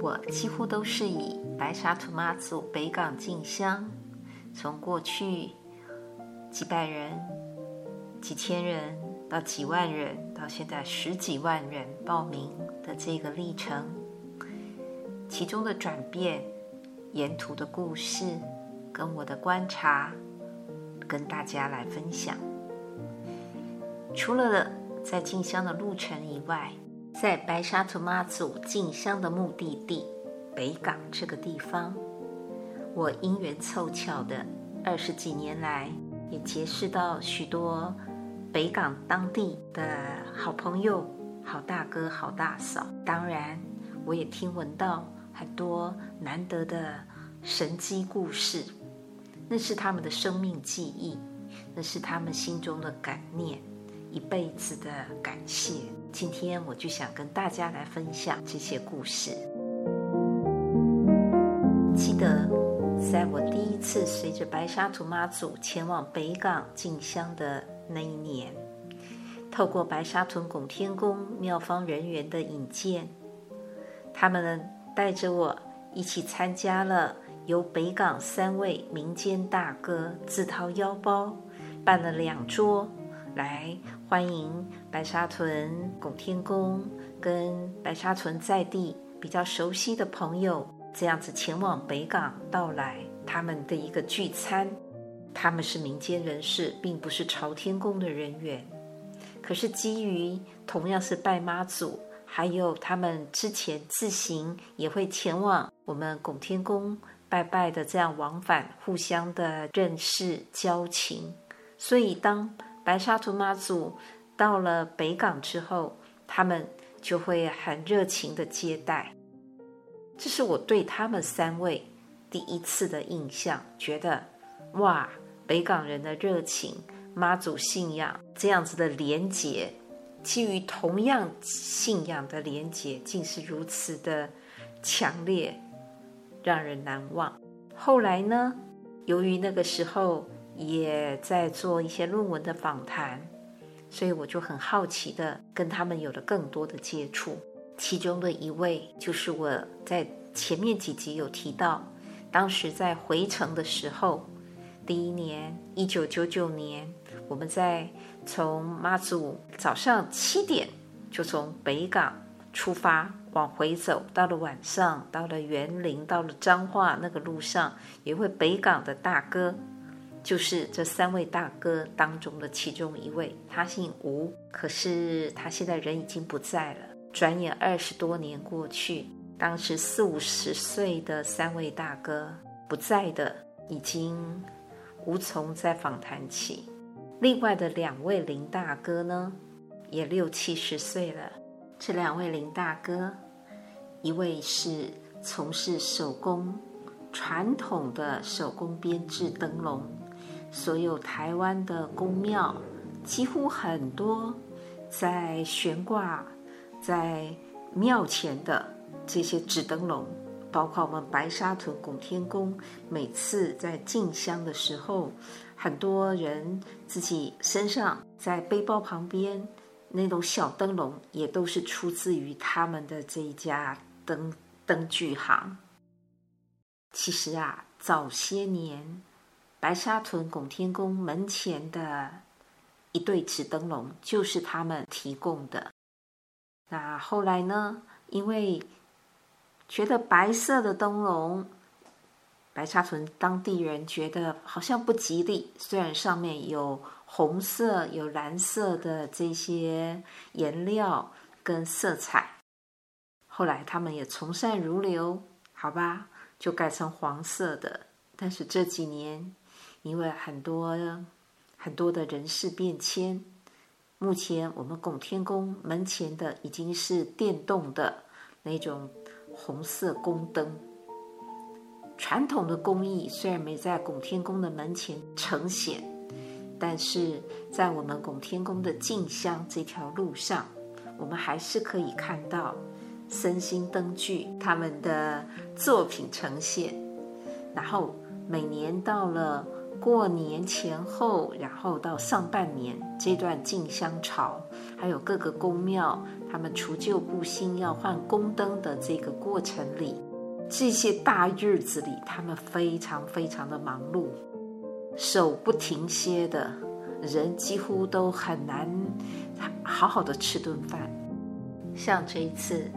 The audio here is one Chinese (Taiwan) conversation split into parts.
我幾乎都是以白沙屯媽祖北港進香，從過去幾百人、幾千人到幾萬人，到現在十幾萬人報名的這個歷程，其中的轉變、沿途的故事，跟我的觀察，跟大家來分享。除了在進香的路程以外，在白沙屯媽祖進香的目的地北港這個地方，我因緣湊巧的二十幾年來，也結識到許多北港當地的好朋友、好大哥、好大嫂。當然，我也聽聞到很多難得的神蹟故事，那是他們的生命記憶，那是他們心中的感念，一輩子的感謝。今天我就想跟大家來分享這些故事。記得在我第一次隨着白沙屯媽祖前往北港進香的那一年，透過白沙屯拱天宮廟方人員的引薦，他們帶着我一起參加了由北港三位民間大哥自掏腰包辦了兩桌，來歡迎白沙屯拱天宮跟白沙屯在地比較熟悉的朋友，這樣子前往北港到來他們的一個聚餐。他們是民間人士，並不是朝天宮的人員，可是基於同樣是拜媽祖，還有他們之前自行也會前往我們拱天宮拜拜的這樣往返，互相的認識交情，所以當，白沙屯媽祖到了北港之後，他們就會很熱情的接待。這是我對他們三位第一次的印象，覺得哇，北港人的熱情、媽祖信仰這樣子的連結，基於同樣信仰的連結，竟是如此的強烈，讓人難忘。後來呢，由於那個時候。也在做一些論文的訪談，所以我就很好奇的跟他們有了更多的接觸。其中的一位就是我在前面幾集有提到，當時在回程的時候，第一年一九九九年，我們在從媽祖早上七點就從北港出發往回走，到了晚上，到了員林，到了彰化那個路上，有一位北港的大哥。就是這三位大哥當中的其中一位，他姓吳，可是他現在人已經不在了。轉眼二十多年過去，當時四五十歲的三位大哥不在的，已經無從再訪談起。另外的兩位林大哥呢，也六七十歲了。這兩位林大哥，一位是從事手工傳統的手工編制燈籠。所有台灣的宮廟，幾乎很多在懸掛在廟前的這些紙燈籠，包括我們白沙屯拱天宮，每次在進香的時候，很多人自己身上在背包旁邊那種小燈籠，也都是出自於他們的這一家燈燈具行。其實啊，早些年。白沙屯拱天宮門前的一對紙燈籠，就是他們提供的。那後來呢？因為覺得白色的燈籠，白沙屯當地人覺得好像不吉利，雖然上面有紅色、有藍色的這些顏料跟色彩。後來他們也從善如流，好吧，就改成黃色的。但是這幾年。因為很多很多的人事變遷，目前我們拱天宮門前的已經是電動的那種紅色宮燈。傳統的工藝雖然沒在拱天宮的門前呈現，但是在我們拱天宮的進香這條路上，我們還是可以看到森興燈具他們的作品呈現。然後每年到了。過年前後，然後到上半年這段進香潮，還有各個宮廟，他們除舊布新要換宮燈的這個過程裡，這些大日子裡，他們非常非常的忙碌，手不停歇的，人幾乎都很難好好的吃頓飯。像這一次，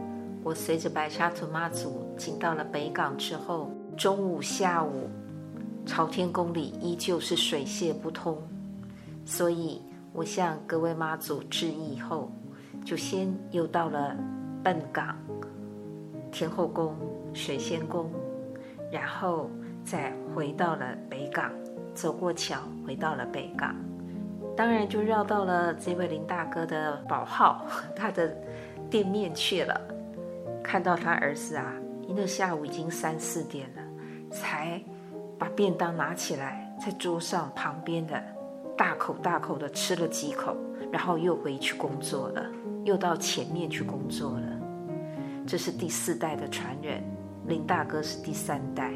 我隨着白沙屯媽祖進到了北港之後，中午、下午。朝天宮裡依舊是水洩不通，所以我向各位媽祖致意後，就先又到了笨港天後宮、水仙宮，然後再回到了北港，走過橋回到了北港，當然就繞到了這位林大哥的寶號他的店面去了。看到他兒子啊，因為下午已經三四點了，才。把便當拿起來，在桌上旁邊的大口大口的吃了幾口，然後又回去工作了，又到前面去工作了。這是第四代的傳人，林大哥是第三代。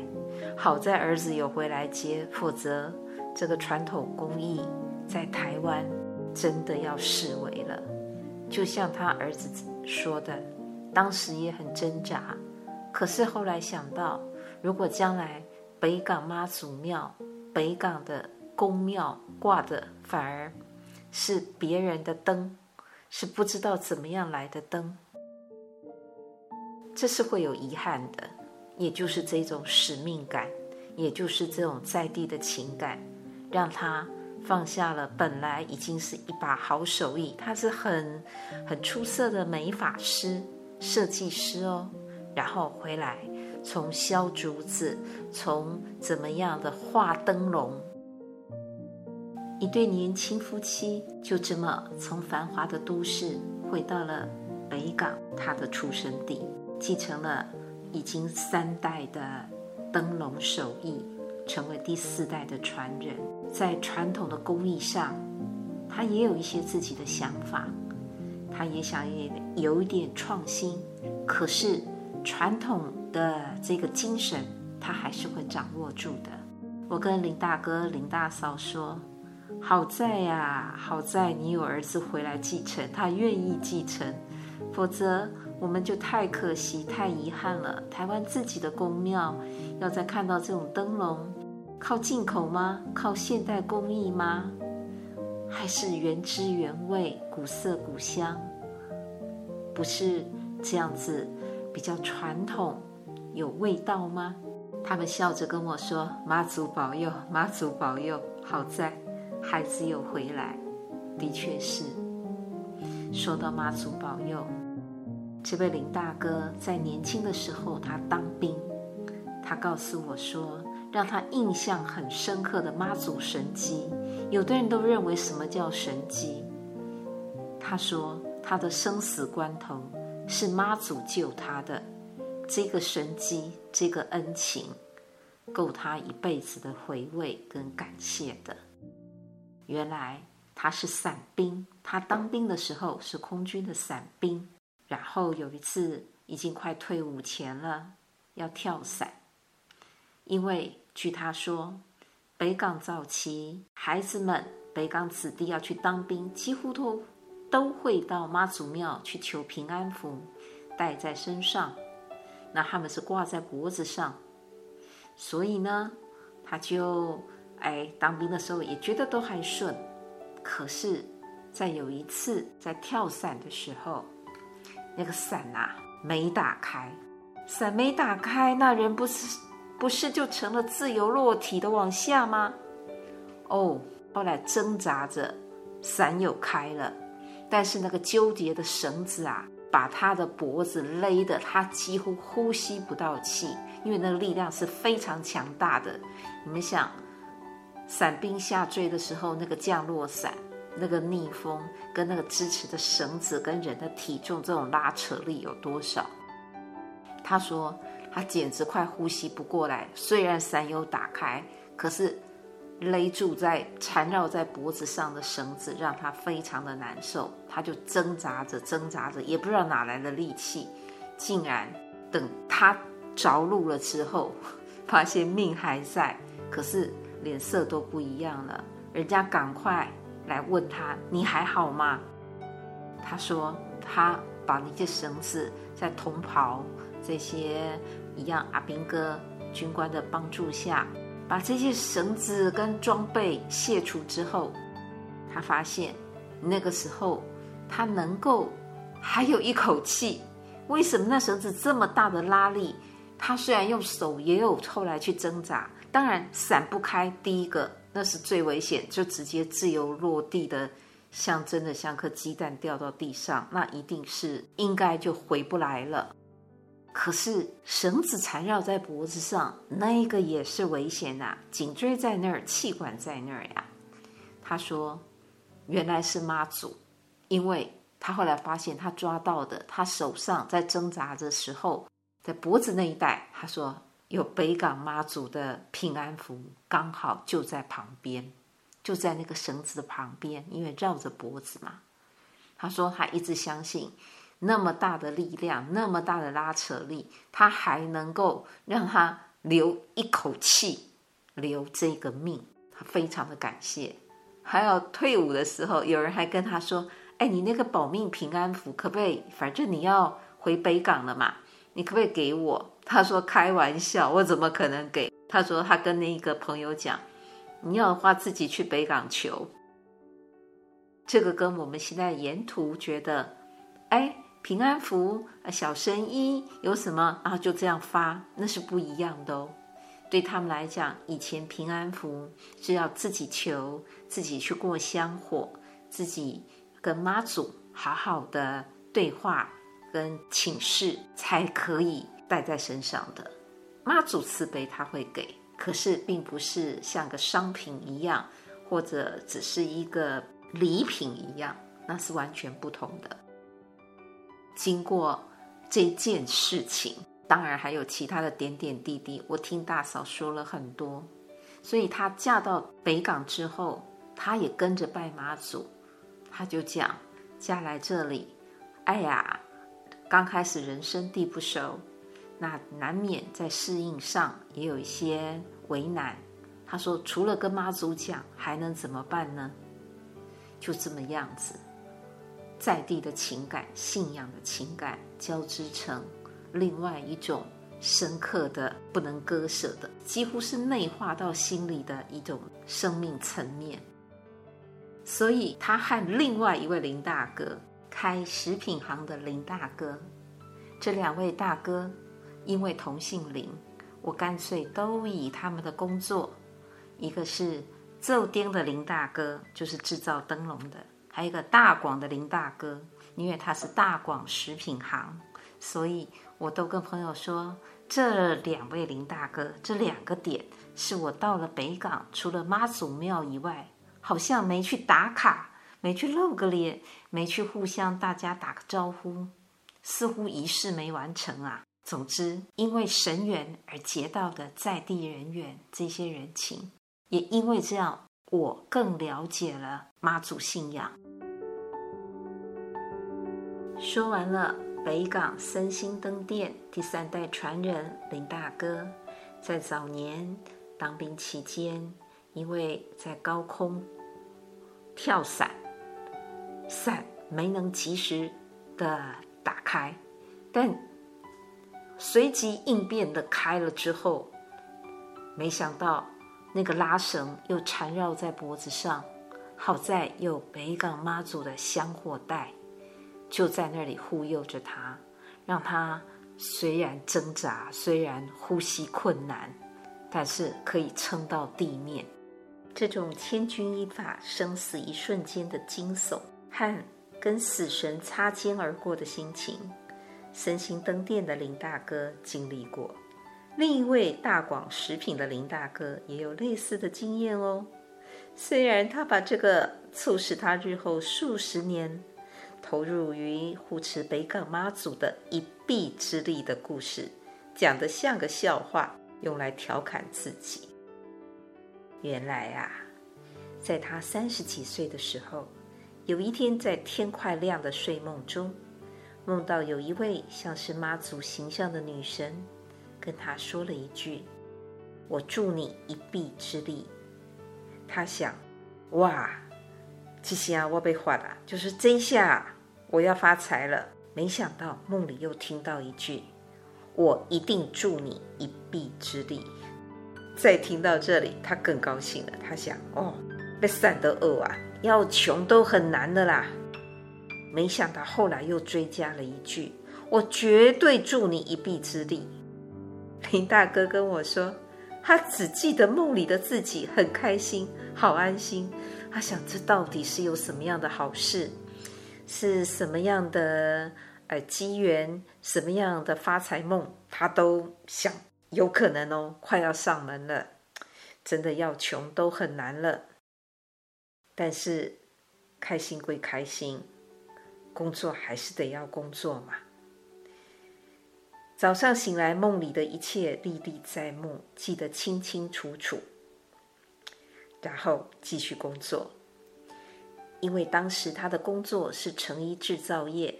好在兒子有回來接，否則這個傳統工藝在台灣真的要式微了。就像他兒子說的，當時也很掙扎，可是後來想到，如果將來……北港媽祖廟，北港的公廟掛的反而是別人的燈，是不知道怎麼樣來的燈，這是會有遺憾的。也就是這種使命感，也就是這種在地的情感，讓他放下了本來已經是一把好手藝，他是很很出色的美髮師、設計師哦。然後回來，從削竹子，從怎麼樣的畫燈籠，一對年輕夫妻就這麼從繁華的都市回到了北港，他的出生地，繼承了已經三代的燈籠手藝，成為第四代的傳人。在傳統的工藝上，他也有一些自己的想法，他也想也有一點創新，可是，傳統的這個精神，他還是會掌握住的。我跟林大哥、林大嫂說：“好在呀、啊，好在你有兒子回來繼承，他願意繼承。否則，我們就太可惜、太遺憾了。台灣自己的宮廟，要再看到這種燈籠，靠進口嗎？靠現代工藝嗎？還是原汁原味、古色古香？不是這樣子。”比較傳統，有味道嗎？他們笑着跟我說：“媽祖保佑，媽祖保佑。”好在孩子有回來，的確是。說到媽祖保佑，這位林大哥在年輕的時候他當兵，他告訴我說，讓他印象很深刻的媽祖神跡，有的人都認為什麼叫神跡。他說他的生死關頭。是媽祖救他的，這個神蹟，這個恩情，夠他一輩子的回味跟感謝的。原來他是傘兵，他當兵的時候是空軍的傘兵，然後有一次已經快退伍前了，要跳傘。因為據他說，北港早期孩子們，北港子弟要去當兵，幾乎都。都會到媽祖廟去求平安符，戴在身上。那他們是掛在脖子上，所以呢，他就哎當兵的時候也覺得都還順。可是，在有一次在跳傘的時候，那個傘啊沒打開，傘沒打開，那人不是不是就成了自由落體的往下嗎？哦，後來掙扎着，傘又開了。但是那個糾結的繩子啊，把他的脖子勒得他幾乎呼吸不到氣，因為那個力量是非常強大的。你們想，傘兵下墜的時候，那個降落傘、那個逆風跟那個支持的繩子跟人的體重這種拉扯力有多少？他說他簡直快呼吸不過來。雖然傘有打開，可是，勒住在纏繞在脖子上的繩子，讓他非常的難受。他就掙扎着，掙扎着，也不知道哪來的力氣，竟然等他着陸了之後，發現命還在，可是臉色都不一樣了。人家趕快來問他：“你還好嗎？”他說：“他把那些繩子在同袍這些一樣阿兵哥軍官的幫助下。”把這些繩子跟裝備卸除之後，他發現那個時候他能夠還有一口氣。為什麼那繩子這麼大的拉力？他雖然用手也有後來去掙扎，當然散不開。第一個那是最危險，就直接自由落地的，像真的像顆雞蛋掉到地上，那一定是應該就回不來了。可是繩子纏繞在脖子上，那個也是危險吶、啊，頸椎在那兒，氣管在那兒呀、啊。他說，原來是媽祖，因為他後來發現他抓到的，他手上在掙扎的時候，在脖子那一帶，他說有北港媽祖的平安符，剛好就在旁邊，就在那個繩子的旁邊，因為繞着脖子嘛。他說他一直相信。那麼大的力量，那麼大的拉扯力，他還能夠讓他留一口氣，留這個命，他非常的感謝。還有退伍的時候，有人還跟他說：“哎，你那個保命平安符可不可以？反正你要回北港了嘛，你可不可以給我？”他說：“開玩笑，我怎麼可能給？”他說：“他跟那個朋友講，你要的話自己去北港求。”這個跟我們現在沿途覺得，哎。平安符、小神醫有什麼？然後就這樣發，那是不一樣的哦。對他們來講，以前平安符是要自己求、自己去過香火、自己跟媽祖好好的對話、跟請示，才可以帶在身上的。媽祖慈悲，他會給，可是並不是像個商品一樣，或者只是一個禮品一樣，那是完全不同的。經過這件事情，當然還有其他的點點滴滴，我聽大嫂說了很多。所以她嫁到北港之後，她也跟着拜媽祖。她就講嫁來這裡，哎呀，剛開始人生地不熟，那難免在適應上也有一些為難。她說除了跟媽祖講，還能怎麼辦呢？就這麼樣子。在地的情感、信仰的情感交織成另外一種深刻的、不能割捨的，幾乎是內化到心裡的一種生命層面。所以，他和另外一位林大哥開食品行的林大哥，這兩位大哥因為同姓林，我乾脆都以他們的工作，一個是做燈的林大哥，就是製造燈籠的。還有一個大廣的林大哥，因為他是大廣食品行，所以我都跟朋友說，這兩位林大哥，這兩個點是我到了北港，除了媽祖廟以外，好像沒去打卡，沒去露個臉，沒去互相大家打個招呼，似乎儀式沒完成啊。總之，因為神緣而結到的在地人緣，這些人情，也因為這樣，我更了解了媽祖信仰。說完了，北港森興燈店第三代傳人林大哥，在早年當兵期間，因為在高空跳傘，傘沒能及時的打開，但隨機應變的開了之後，沒想到那個拉繩又纏繞在脖子上，好在有北港媽祖的香火袋。就在那裡護佑着他，讓他雖然掙扎，雖然呼吸困難，但是可以撐到地面。這種千鈞一髮、生死一瞬間的驚悚和跟死神擦肩而過的心情，森興燈店的林大哥經歷過。另一位大廣食品的林大哥也有類似的經驗哦。雖然他把這個促使他日後數十年，投入於護持北港媽祖的一臂之力的故事，講得像個笑話，用來調侃自己。原來啊，在他三十幾歲的時候，有一天在天快亮的睡夢中，夢到有一位像是媽祖形象的女神，跟他說了一句：“我助你一臂之力。”他想：“哇，這下我被畫了，就是這下。”我要發財了，沒想到夢裡又聽到一句：“我一定助你一臂之力。”再聽到這裡，他更高興了。他想：“哦 b 散得惡啊，要窮都很難的啦。”沒想到後來又追加了一句：“我絕對助你一臂之力。”林大哥跟我說，他只記得夢裡的自己很開心，好安心。他想，這到底是有什麼樣的好事？是什麼樣的呃機緣，什麼樣的發財夢，他都想有可能哦，快要上門了，真的要窮都很難了。但是開心歸開心，工作還是得要工作嘛。早上醒來，夢裡的一切歷歷在目，記得清清楚楚，然後繼續工作。因為當時他的工作是成衣製造業，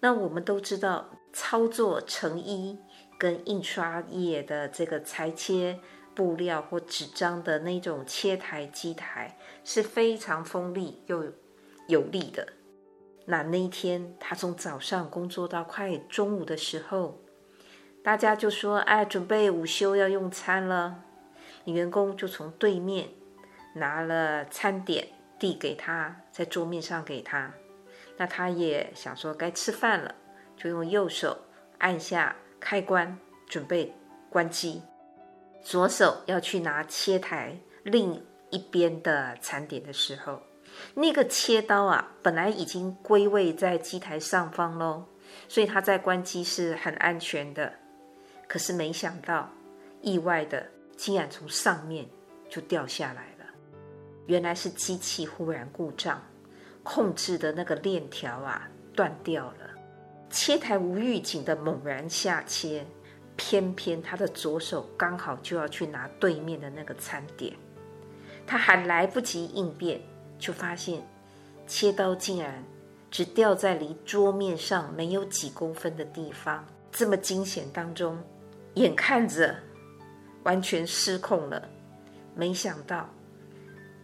那我們都知道，操作成衣跟印刷業的這個裁切布料或紙張的那種切台機台是非常鋒利又有力的。那那一天，他從早上工作到快中午的時候，大家就說：“哎，準備午休要用餐了。”員工就從對面拿了餐點。遞給他，在桌面上給他，那他也想說該吃飯了，就用右手按下開關，準備關機。左手要去拿切台另一邊的餐點的時候，那個切刀啊，本來已經歸位在機台上方嘍，所以他在關機是很安全的。可是沒想到，意外的竟然從上面就掉下來了。原來是機器忽然故障，控制的那個鏈條啊斷掉了，切台無預警的猛然下切，偏偏他的左手剛好就要去拿對面的那個餐點，他還來不及應變，就發現切刀竟然只掉在離桌面上沒有幾公分的地方，這麼驚險當中，眼看着完全失控了，沒想到。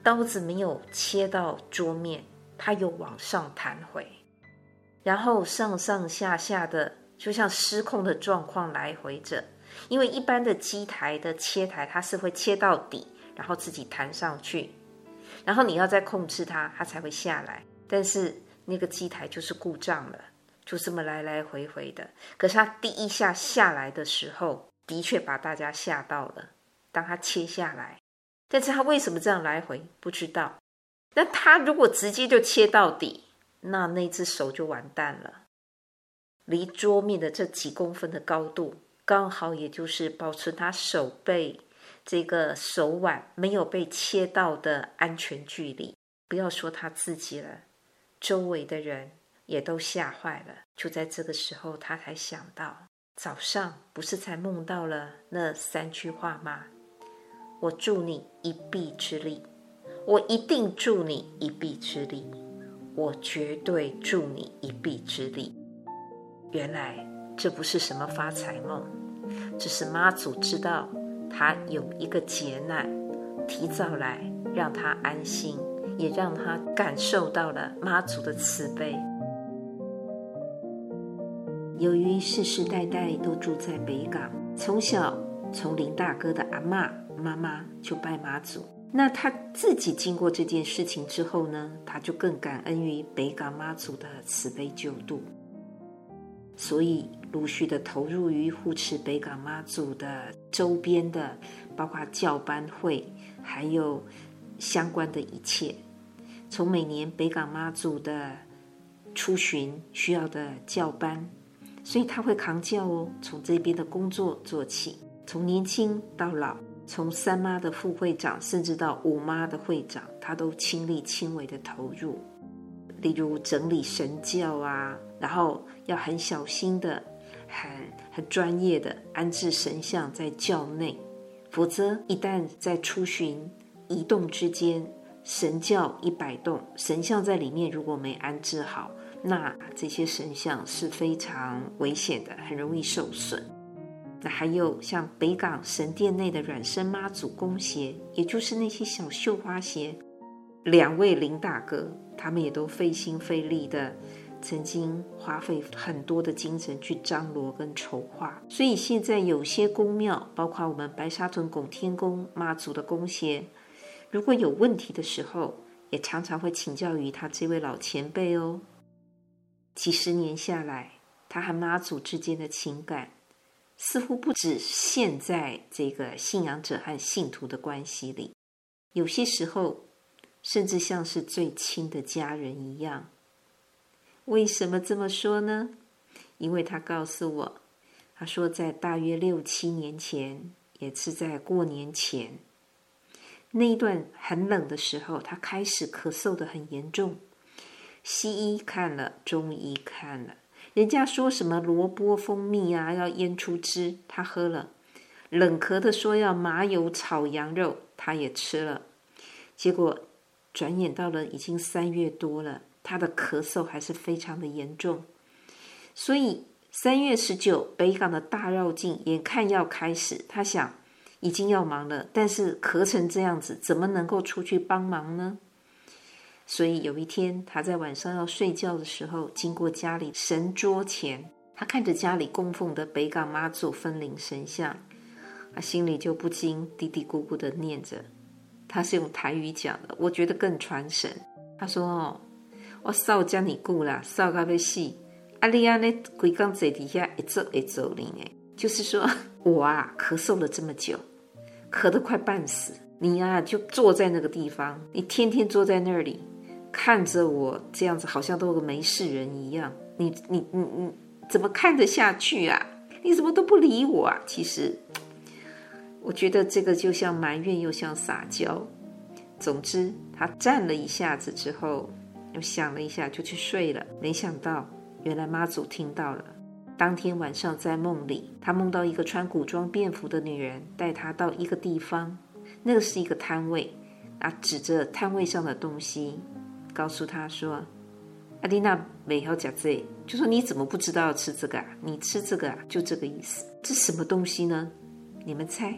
刀子沒有切到桌面，它又往上彈回，然後上上下下的就像失控的狀況來回着。因為一般的機台的切台，它是會切到底，然後自己彈上去，然後你要再控制它，它才會下來。但是那個機台就是故障了，就這麼來來回回的。可是它第一下下來的時候，的確把大家嚇到了。當它切下來。但是他為什麼這樣來回不知道？那他如果直接就切到底，那那隻手就完蛋了。離桌面的這幾公分的高度，剛好也就是保持他手背這個手腕沒有被切到的安全距離。不要說他自己了，周圍的人也都嚇壞了。就在這個時候，他才想到，早上不是才夢到了那三句話嗎？我助你一臂之力，我一定助你一臂之力，我絕對助你一臂之力。原來這不是什麼發財夢，只是媽祖知道她有一個劫難，提早來讓她安心，也讓她感受到了媽祖的慈悲。由於世世代代都住在北港，從小從林大哥的阿嬤、媽媽就拜媽祖，那他自己經過這件事情之後呢，他就更感恩於北港媽祖的慈悲救度，所以陸續的投入於護持北港媽祖的周邊的，包括轎班會，還有相關的一切。從每年北港媽祖的出巡需要的轎班，所以他會扛轎哦，從這邊的工作做起，從年輕到老。從三媽的副會長，甚至到五媽的會長，他都親力親為的投入，例如整理神轎啊，然後要很小心的、很很專業的安置神像在轎內，否則一旦在出巡移動之間，神轎一擺動，神像在裡面，如果沒安置好，那這些神像是非常危險的，很容易受損。那還有像北港神殿內的軟身媽祖宮鞋，也就是那些小繡花鞋，兩位林大哥他們也都費心費力的，曾經花費很多的精神去張羅跟籌劃。所以現在有些宮廟，包括我們白沙屯拱天宮媽祖的宮鞋，如果有問題的時候，也常常會請教於他這位老前輩哦。幾十年下來，他和媽祖之間的情感，似乎不止現在這個信仰者和信徒的關係裡，有些時候甚至像是最親的家人一樣。為什麼這麼說呢？因為他告訴我，他說在大約六七年前，也是在過年前那一段很冷的時候，他開始咳嗽得很嚴重，西醫看了，中醫看了。人家說什麼蘿蔔蜂蜜啊，要醃出汁，他喝了；冷咳的說要麻油炒羊肉，他也吃了。結果轉眼到了已經三月多了，他的咳嗽還是非常的嚴重。所以三月十九，北港的大繞境眼看要開始，他想已經要忙了，但是咳成這樣子，怎麼能夠出去幫忙呢？所以有一天，他在晚上要睡覺的時候，經過家裡神桌前，他看着家裡供奉的北港媽祖分靈神像，他心裡就不禁嘀嘀咕咕的念着，他是用台語講的，我覺得更傳神。他說：“哦、我少將你顧啦，少到要死！阿你安呢？規工在底下一坐一坐呢，就是說我啊咳嗽了這麼久，咳得快半死，你啊就坐在那個地方，你天天坐在那裡。”看着我這樣子，好像都有個沒事人一樣。你你你你，怎麼看得下去啊？你怎麼都不理我啊？其實，我覺得這個就像埋怨又像撒嬌。總之，他站了一下子之後，又想了一下，就去睡了。沒想到，原來媽祖聽到了。當天晚上在夢裡，他夢到一個穿古裝便服的女人帶他到一個地方，那個是一個攤位，啊，指着攤位上的東西。告訴他說：“阿麗娜沒有加這個，就說你怎麼不知道要吃這個、啊？你吃這個、啊，就這個意思。這什麼東西呢？你們猜？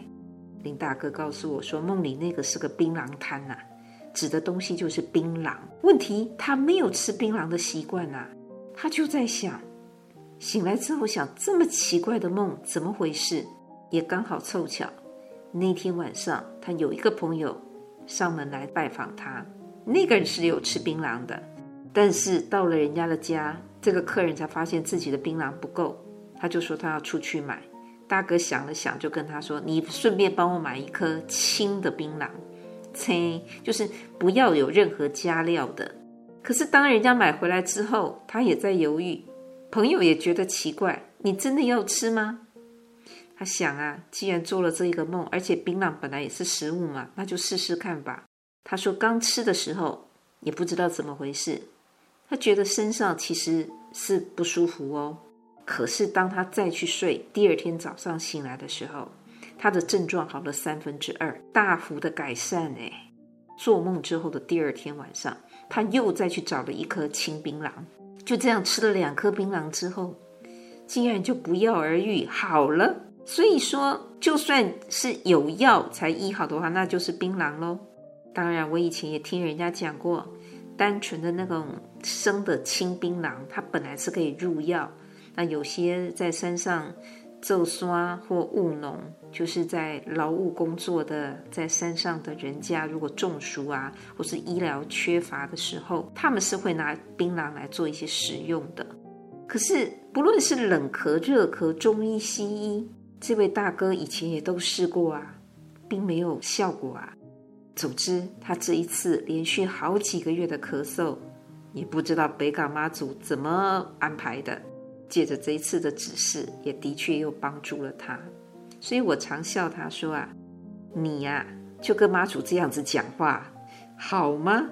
林大哥告訴我說，夢裡那個是個檳榔攤吶、啊，指的東西就是檳榔。問題他沒有吃檳榔的習慣吶、啊，他就在想，醒來之後想這麼奇怪的夢怎麼回事？也剛好湊巧，那天晚上他有一個朋友上門來拜訪他。”那個人是有吃檳榔的，但是到了人家的家，這個客人才發現自己的檳榔不夠，他就說他要出去買。大哥想了想，就跟他說：“你順便幫我買一顆青的檳榔，青，就是不要有任何加料的。”可是當人家買回來之後，他也在猶豫。朋友也覺得奇怪：“你真的要吃嗎？”他想啊，既然做了這一個夢，而且檳榔本來也是食物嘛，那就試試看吧。他說：“剛吃的時候也不知道怎麼回事，他覺得身上其實是不舒服哦。可是當他再去睡，第二天早上醒來的時候，他的症狀好了三分之二，大幅的改善。哎，做夢之後的第二天晚上，他又再去找了一顆青檳榔，就這樣吃了兩顆檳榔之後，竟然就不藥而癒好了。所以說，就算是有藥才醫好的話，那就是檳榔嘍。”當然，我以前也聽人家講過，單純的那種生的青檳榔，它本來是可以入藥。那有些在山上做刷或務農，就是在勞務工作的在山上的人家，如果中暑啊，或是醫療缺乏的時候，他們是會拿檳榔來做一些食用的。可是不論是冷咳、熱咳，中醫、西醫，這位大哥以前也都試過啊，並沒有效果啊。總之，他這一次連續好幾個月的咳嗽，也不知道北港媽祖怎麼安排的。借着這一次的指示，也的確又幫助了他。所以我常笑他說：“啊，你呀、啊，就跟媽祖這樣子講話，好嗎？”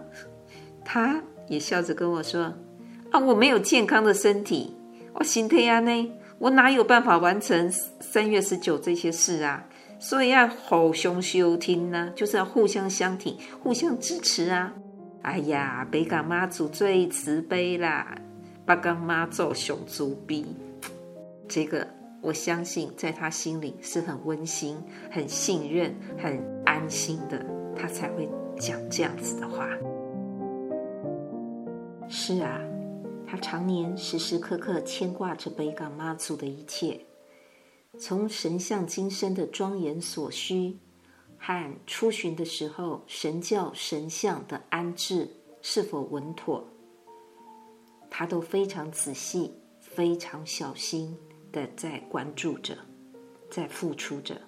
他也笑着跟我說：“啊，我沒有健康的身體，我心態安呢，我哪有辦法完成三月十九這些事啊？”所以要好兄休聽呢、啊，就是要互相相挺、互相支持啊！哎呀，北港媽祖最慈悲啦，北港媽祖上慈悲，這個我相信在他心裡是很溫馨、很信任、很安心的，他才會講這樣子的話。是啊，他常年時時刻刻牽掛着北港媽祖的一切。從神像金身的莊嚴所需，和出巡的時候神轎神像的安置是否穩妥，他都非常仔細、非常小心地在關注着，在付出着。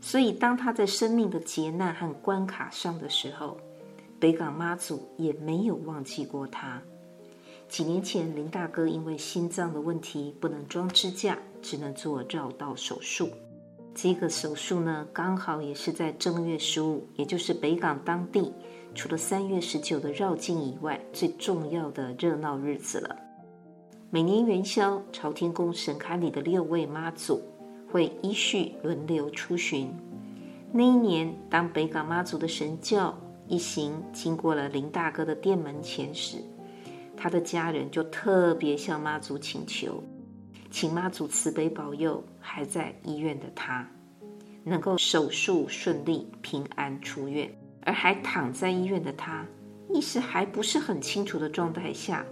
所以，當他在生命的劫難和關卡上的時候，北港媽祖也沒有忘記過他。幾年前，林大哥因為心臟的問題不能裝支架。只能做繞道手術。這個手術呢，剛好也是在正月十五，也就是北港當地除了三月十九的繞境以外，最重要的熱鬧日子了。每年元宵，朝天宮神龕裡的六位媽祖會依序輪流出巡。那一年，當北港媽祖的神轎一行經過了林大哥的店門前時，他的家人就特別向媽祖請求。請媽祖慈悲保佑，還在醫院的他能夠手術順利、平安出院。而還躺在醫院的他，意識還不是很清楚的狀態下，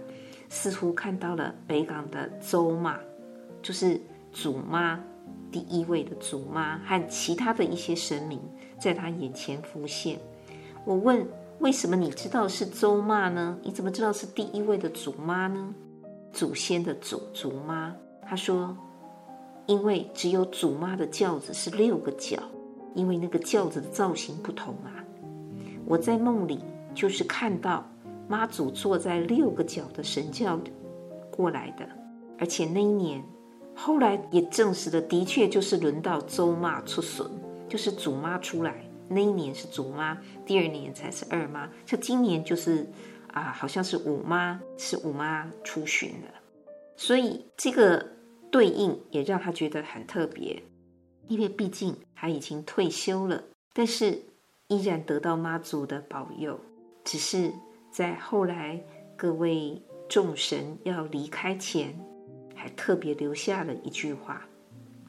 似乎看到了北港的周媽，就是祖媽第一位的祖媽和其他的一些神明，在他眼前浮現。我問：“為什麼你知道是周媽呢？你怎麼知道是第一位的祖媽呢？祖先的祖祖媽？”他說：“因為只有祖媽的轎子是六個角，因為那個轎子的造型不同啊。我在夢裡就是看到媽祖坐在六個角的神轎過來的，而且那一年後來也證實了，的確就是輪到祖媽出巡，就是祖媽出來。那一年是祖媽，第二年才是二媽，就今年就是啊、呃，好像是五媽，是五媽出巡了。所以這個。”對應也讓他覺得很特別，因為畢竟他已經退休了，但是依然得到媽祖的保佑。只是在後來各位眾神要離開前，還特別留下了一句話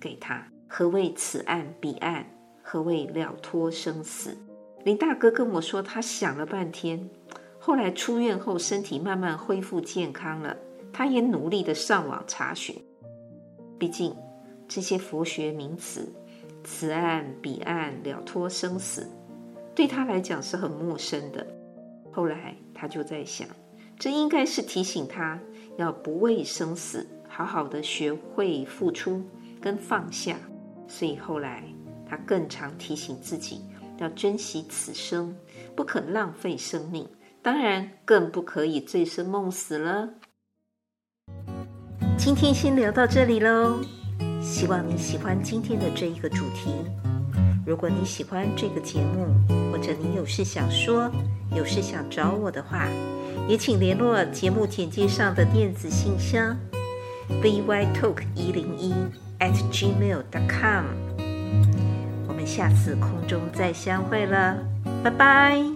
給他：何謂此岸彼岸？何謂了脫生死？林大哥跟我說，他想了半天，後來出院後身體慢慢恢復健康了，他也努力的上網查詢。畢竟，這些佛學名詞“此岸”“彼岸”“了脫生死”，對他來講是很陌生的。後來，他就在想，這應該是提醒他要不畏生死，好好的學會付出跟放下。所以後來，他更常提醒自己要珍惜此生，不可浪費生命，當然更不可以醉生夢死了。今天先聊到這裡嘍，希望你喜歡今天的這一個主題。如果你喜歡這個節目，或者你有事想說，有事想找我的話，也請聯絡節目簡介上的電子信箱 VY talk 一零一 at gmail dot com。我們下次空中再相會了，拜拜。